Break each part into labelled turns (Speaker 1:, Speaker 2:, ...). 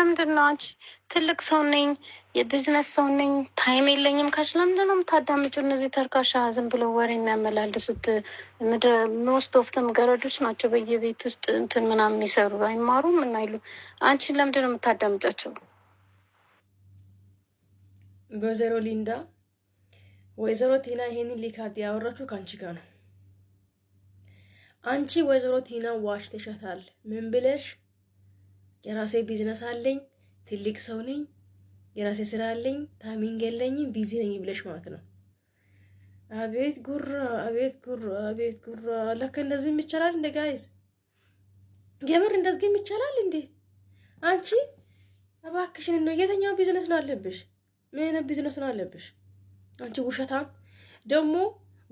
Speaker 1: ለምንድን ነው አንቺ ትልቅ ሰው ነኝ የቢዝነስ ሰው ነኝ ታይም የለኝም ካች ለምንድን ነው የምታዳምጪው? እነዚህ ተርካሻ ዝም ብሎ ወሬ የሚያመላልሱት ምድረ ሞስት ኦፍ ተም ገረዶች ናቸው። በየቤት ውስጥ እንትን ምናምን የሚሰሩ አይማሩ እና ይሉ አንቺን ለምንድን ነው የምታዳምጫቸው?
Speaker 2: ወይዘሮ ሊንዳ ወይዘሮ ቲና ይሄንን ሊካት ያወራችሁ ከአንቺ ጋር ነው። አንቺ ወይዘሮ ቲና ተሸታል ምን ብለሽ የራሴ ቢዝነስ አለኝ፣ ትልቅ ሰው ነኝ፣ የራሴ ስራ አለኝ፣ ታሚንግ የለኝም፣ ቢዚ ነኝ ብለሽ ማለት ነው። አቤት ጉራ፣ አቤት ጉራ፣ አቤት ጉራ። ለካ እንደዚህም ይቻላል እንደ ጋይዝ፣ የምር እንደዚህም ይቻላል እንዴ! አንቺ እባክሽን ነው የተኛው ቢዝነስ ነው አለብሽ? ምን ቢዝነስ ነው አለብሽ? አንቺ ውሸታም ደግሞ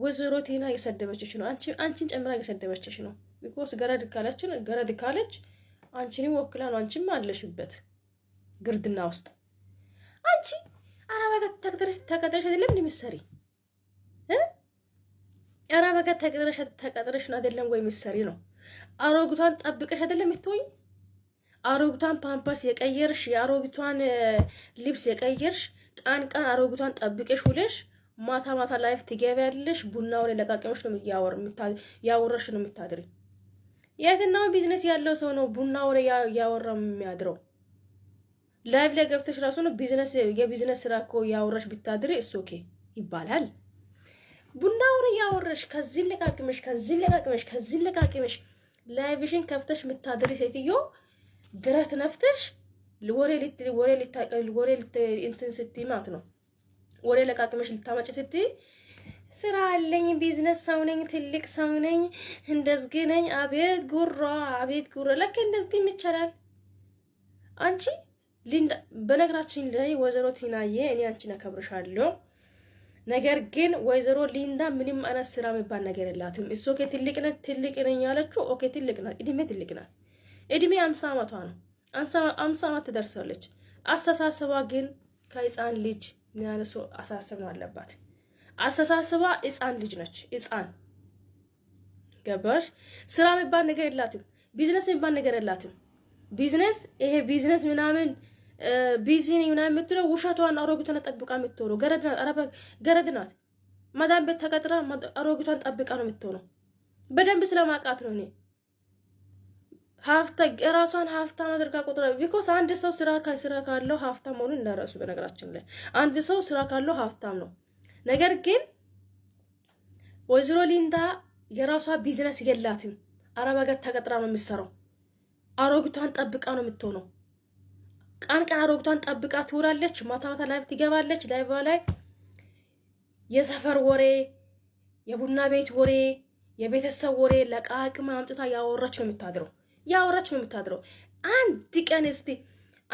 Speaker 2: ወይዘሮ ቴና እየሰደበችሽ ነው። አንቺን ጨምራ እየሰደበችሽ ነው። ቢኮርስ ገረድ ካለችን ገረድ ካለች አንቺን ወክላ አንቺም አለሽበት ግርድና ውስጥ አንቺ አረብ ሀገር ተቀጥረሽ አይደለም እንደ ምሰሪ አረብ ሀገር ተቀጥረሽ ተቀጥረሽ አይደለም ወይ ምሰሪ ነው። አሮጊቷን ጠብቀሽ አይደለም የምትሆኝ። አሮጊቷን ፓምፓስ የቀየርሽ፣ የአሮጊቷን ልብስ የቀየርሽ፣ ቃን ቃን አሮጊቷን ጠብቀሽ ውለሽ ማታ ማታ ላይፍ ትገቢያለሽ። ቡናውን ለቃቀምሽ ነው ያወር ያወረሽ ነው የምታድሪ የትናው ቢዝነስ ያለው ሰው ነው ቡናው ላይ ያወራ የሚያድረው። ላይቭ ላይ ገብተሽ ራሱ ነው ቢዝነስ የቢዝነስ ስራ እኮ ያወራሽ ብታድሪ እሱ ኦኬ ይባላል። ቡና ወሬ ያወራሽ ከዚህ ለቃቅመሽ ከዚህ ለቃቅመሽ ከዚህ ለቃቅመሽ ላይቭሽን ከፍተሽ ምታድሪ ሴትዮ ድረት ነፍተሽ ወሬ ልት ወሬ ልት ወሬ ልት እንትን ስትይ ማለት ነው ወሬ ለቃቅመሽ ልታመጭ ስትይ ስራ አለኝ፣ ቢዝነስ ሰው ነኝ፣ ትልቅ ሰው ነኝ፣ እንደዚህ ነኝ። አቤት ጉራ፣ አቤት ጉራ። ለካ እንደዚህ ይቻላል። አንቺ ሊንዳ፣ በነገራችን ላይ ወይዘሮ ቲናዬ እኔ አንቺን አከብርሻለሁ። ነገር ግን ወይዘሮ ሊንዳ ምንም አይነት ስራ የሚባል ነገር የላትም። እሱ ኦኬ ትልቅ ነ ትልቅ ነኝ ያለችው ኦኬ ትልቅ ናት፣ እድሜ ትልቅ ናት። እድሜ አምሳ ዓመቷ ነው። አምሳ አመት ትደርሳለች። አስተሳሰቧ ግን ከህፃን ልጅ ሚያነሱ አሳሰብ ነው አለባት። አስተሳስባ ህፃን ልጅ ነች። ህፃን ገባሽ? ስራ የሚባል ነገር የላትም። ቢዝነስ የሚባል ነገር የላትም። ቢዝነስ ይሄ ቢዝነስ ምናምን ቢዚ ምናምን የምትለው ውሸቷን አሮጊቷን ጠብቃ የምትሆነው ገረድ ናት። መዳን ቤት ተቀጥራ አሮጊቷን ጠብቃ ነው የምትሆነው። በደንብ ስለማውቃት ነው እኔ ሀፍታ የራሷን ሀፍታም አድርጋ ቆጥራ ቢኮስ አንድ ሰው ስራ ስራ ካለው ሀፍታም መሆኑን እንዳረሱ። በነገራችን ላይ አንድ ሰው ስራ ካለው ሀፍታም ነው። ነገር ግን ወይዘሮ ሊንዳ የራሷ ቢዝነስ የላትም። አረብ ሀገር ተቀጥራ ነው የምትሰራው። አሮጊቷን ጠብቃ ነው የምትሆነው። ቀን ቀን አሮጊቷን ጠብቃ ትውላለች። ማታ ማታ ላይቭ ትገባለች። ላይቭ ላይ የሰፈር ወሬ፣ የቡና ቤት ወሬ፣ የቤተሰብ ወሬ ለቃቅማ አምጥታ ያወራች ነው የምታድረው። ያወራች ነው የምታድረው። አንድ ቀን እስቲ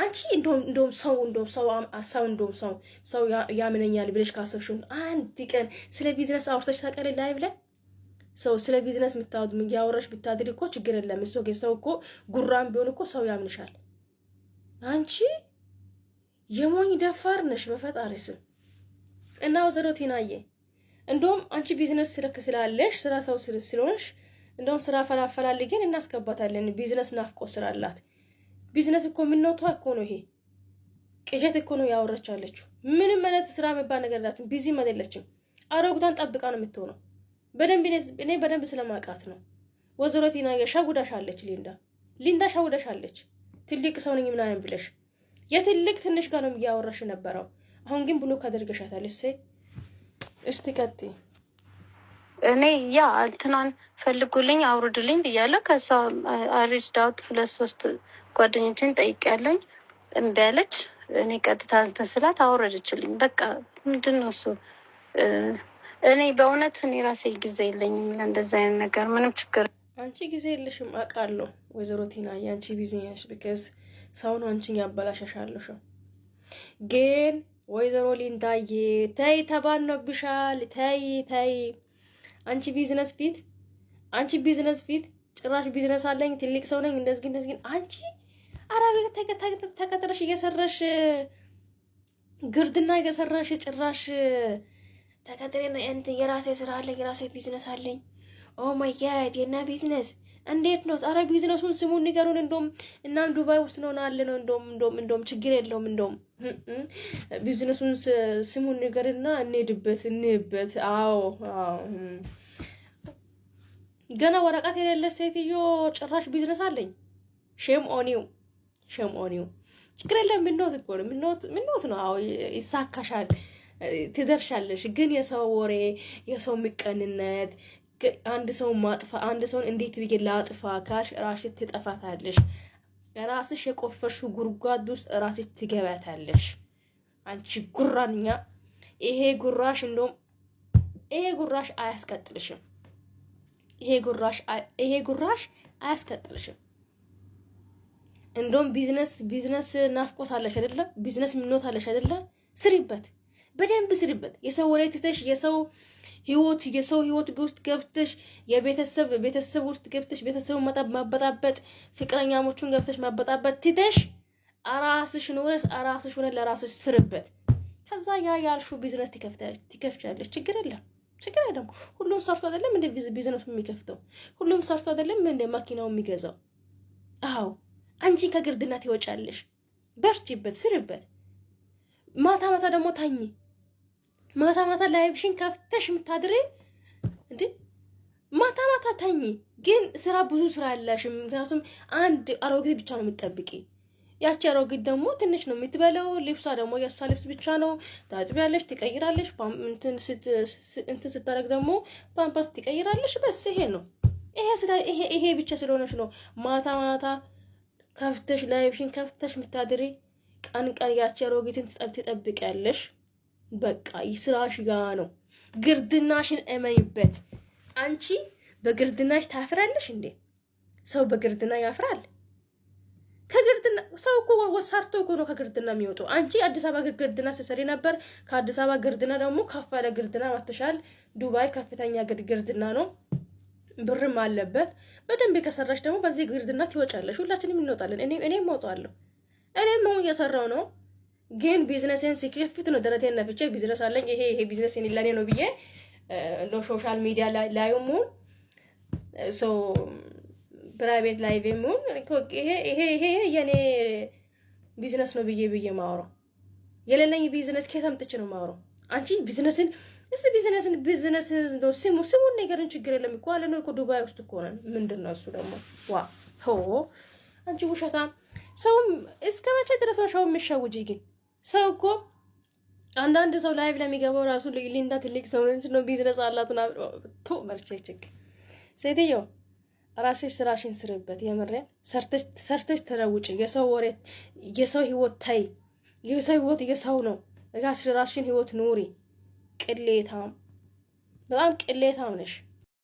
Speaker 2: አንቺ እንደውም ሰው እንደውም ሰው ሰው እንደውም ሰው ሰው ያምነኛል ብለሽ ካሰብሽው አንድ ቀን ስለ ቢዝነስ አውርተሽ ታውቂያለሽ? ላይ ብለን ሰው ስለ ቢዝነስ የምታወድ ያወራሽ ብታድር እኮ ችግር የለም። እሱ ሰው እኮ ጉራም ቢሆን እኮ ሰው ያምንሻል። አንቺ የሞኝ ደፋር ነሽ በፈጣሪ ስም። እና ወዘሮ ቲናዬ እንደውም አንቺ ቢዝነስ ስልክ ስላለሽ ስራ ሰው ስለሆንሽ እንደውም ስራ ግን እናስገባታለን። ቢዝነስ ናፍቆ ስራ አላት። ቢዝነስ እኮ የምንወቷ እኮ ነው። ይሄ ቅዠት እኮ ነው ያወራች ያለችው። ምንም አይነት ስራ የሚባል ነገር ላትም ቢዚም አይደለችም። አሮጊቷን ጠብቃ ነው የምትሆነው። በደንብ እኔ በደንብ ስለማውቃት ነው። ወይዘሮ ቲና የሻጉዳሽ አለች። ሊንዳ ሊንዳ ሻጉዳሽ አለች። ትልቅ ሰው ነኝ ምናምን ብለሽ የትልቅ ትንሽ ጋር ነው እያወራሽ ነበረው። አሁን ግን ብሎ ካደርገሻታል። እሴ እስቲ ቀጥይ።
Speaker 3: እኔ ያ እንትናን ፈልጉልኝ አውርዱልኝ ብያለሁ። ከሳ አሪጅ ዳውት ሁለት ሶስት ጓደኞችን ጠይቄያለኝ እምቢ አለች። እኔ ቀጥታ እንትን ስላት አወረደችልኝ። በቃ ምንድን ነው እሱ እኔ በእውነት እኔ ራሴ ጊዜ የለኝም ለእንደዚ አይነት ነገር። ምንም ችግር
Speaker 2: አንቺ ጊዜ የለሽም አውቃለሁ ወይዘሮ ቲና የአንቺ ቢዚ ነሽ። ቢካዝ ሰውን አንቺን ያበላሸሻለሽ። ግን ወይዘሮ ሊንታዬ ተይ፣ ተባኖብሻል። ተይ ተይ፣ አንቺ ቢዝነስ ፊት አንቺ ቢዝነስ ፊት ጭራሽ ቢዝነስ አለኝ ትልቅ ሰው ነኝ እንደዚህ እንደዚህ አንቺ አረብ ተቀጥረሽ እየሰራሽ ግርድና እየሰራሽ ጭራሽ ተቀጥሬ የራሴ ስራ አለኝ የራሴ ቢዝነስ አለኝ። ኦ ማይ ጋድ የና ቢዝነስ እንዴት ነው? አረ ቢዝነሱን ስሙን ንገሩን። እንደውም እናም ዱባይ ውስጥ ነው ናለ ነው። እንደውም እንደውም እንደውም ችግር የለውም። እንደውም ቢዝነሱን ስሙን ንገርና እንሄድበት እንሄድበት። አዎ አዎ። ገና ወረቀት የሌለ ሴትዮ ጭራሽ ቢዝነስ አለኝ። ሼም ኦኒው ሸምኦኒው ችግር የለም። ምኖት እኮ ነው ምኖት ነው። አዎ ይሳካሻል፣ ትደርሻለሽ። ግን የሰው ወሬ፣ የሰው ምቀንነት፣ አንድ ሰው ማጥፋ፣ አንድ ሰውን እንዴት ብዬ ላጥፋ ካልሽ ራስሽ ትጠፋታለሽ። ራስሽ የቆፈሹ ጉርጓድ ውስጥ ራስሽ ትገባታለሽ። አንቺ ጉራንኛ ይሄ ጉራሽ እንደውም ይሄ ጉራሽ አያስቀጥልሽም። ይሄ ጉራሽ ይሄ ጉራሽ አያስቀጥልሽም። እንደውም ቢዝነስ ቢዝነስ ናፍቆት አለሽ አይደለ? ቢዝነስ ምኞት አለሽ አይደለ? ስሪበት፣ በደንብ ስሪበት። የሰው ወላይ ትተሽ የሰው ህይወት የሰው ህይወት ውስጥ ገብተሽ የቤተሰብ ቤተሰብ ውስጥ ገብተሽ ቤተሰቡን ማበጣበጥ፣ ፍቅረኛሞቹን ገብተሽ ማበጣበጥ ትተሽ አራስሽ ኖረስ አራስሽ ሆነ ለራስሽ ስርበት። ከዛ ያ ያልሹ ቢዝነስ ትከፍቻለሽ። ችግር የለም ችግር አይደለም። ሁሉም ሰርቶ አይደለም እንደ ቢዝነሱ የሚከፍተው ሁሉም ሰርቶ አይደለም እንደ መኪናው የሚገዛው አዎ አንቺ ከግርድነት ይወጫለሽ። በርቺበት፣ ስርበት። ማታ ማታ ደግሞ ታኝ ማታ ማታ ላይብሽን ከፍተሽ የምታድሬ እንዴ? ማታ ማታ ታኝ። ግን ስራ ብዙ ስራ ያላሽም። ምክንያቱም አንድ አሮጊት ብቻ ነው የምትጠብቂ። ያቺ አሮጊት ደግሞ ትንሽ ነው የምትበለው። ልብሷ ደግሞ የእሷ ልብስ ብቻ ነው። ታጥቢያለሽ፣ ትቀይራለሽ። እንትን ስታደርግ ደግሞ ፓምፓስ ትቀይራለሽ። በስ ይሄ ነው ይሄ ብቻ ስለሆነች ነው ማታ ማታ ከፍተሽ ላይፍሽን ከፍተሽ የምታድሪ ቀን ቀን ያቺ አሮጊትን ትጠብቂያለሽ። በቃ ስራሽ ጋ ነው። ግርድናሽን እመኝበት። አንቺ በግርድናሽ ታፍራለሽ እንዴ? ሰው በግርድና ያፍራል? ከግርድና ሰው እኮ ወሳርቶ እኮ ነው ከግርድና የሚወጣው። አንቺ አዲስ አበባ ግርድና ስትሰሪ ነበር። ከአዲስ አበባ ግርድና ደግሞ ከፍ ያለ ግርድና መተሻል። ዱባይ ከፍተኛ ግርድና ነው። ብርም አለበት። በደንብ ከሰራሽ ደግሞ በዚህ ግርድና ትወጫለሽ። ሁላችንም እንወጣለን። እኔ እወጣለሁ። እኔም አሁን እየሰራው ነው፣ ግን ቢዝነሴን ሲከፍት ነው ደረቴን ነፍቼ ቢዝነስ አለኝ ይሄ ይሄ ቢዝነስ ለእኔ ነው ብዬ ሶሻል ሚዲያ ላይም ሶ ፕራይቬት ላይቭም ሆን ይሄ ይሄ የኔ ቢዝነስ ነው ብዬ ብዬ ማውረው የሌለኝ ቢዝነስ ከየት አምጥቼ ነው ማውረው? አንቺ ቢዝነስን እስቲ ቢዝነስን ቢዝነስ እንደው ስሙ ስሙን ነገርን ችግር የለም እኮ አለ ነው እኮ ዱባይ ውስጥ እኮ ነን። ምንድን ነው እሱ ደግሞ ዋ ሆ አንቺ ውሸታ ሰውም እስከ መቼ ድረስ ነው ሰው የሚሸውጅ? ግን ሰው እኮ አንዳንድ ሰው ላይቭ ለሚገባው ራሱ ሊንዳ ትልቅ ሰው ነች ነው ቢዝነስ አላት ናቱ መርቼ ችግር ሴትዮ ራስሽ ስራሽን ስርበት። የምሬን ሰርተሽ ተለውጭ። የሰው ወሬት የሰው ህይወት ታይ። የሰው ህይወት የሰው ነው። ራስሽን ህይወት ኑሪ። ቅሌታም፣ በጣም ቅሌታም ነሽ።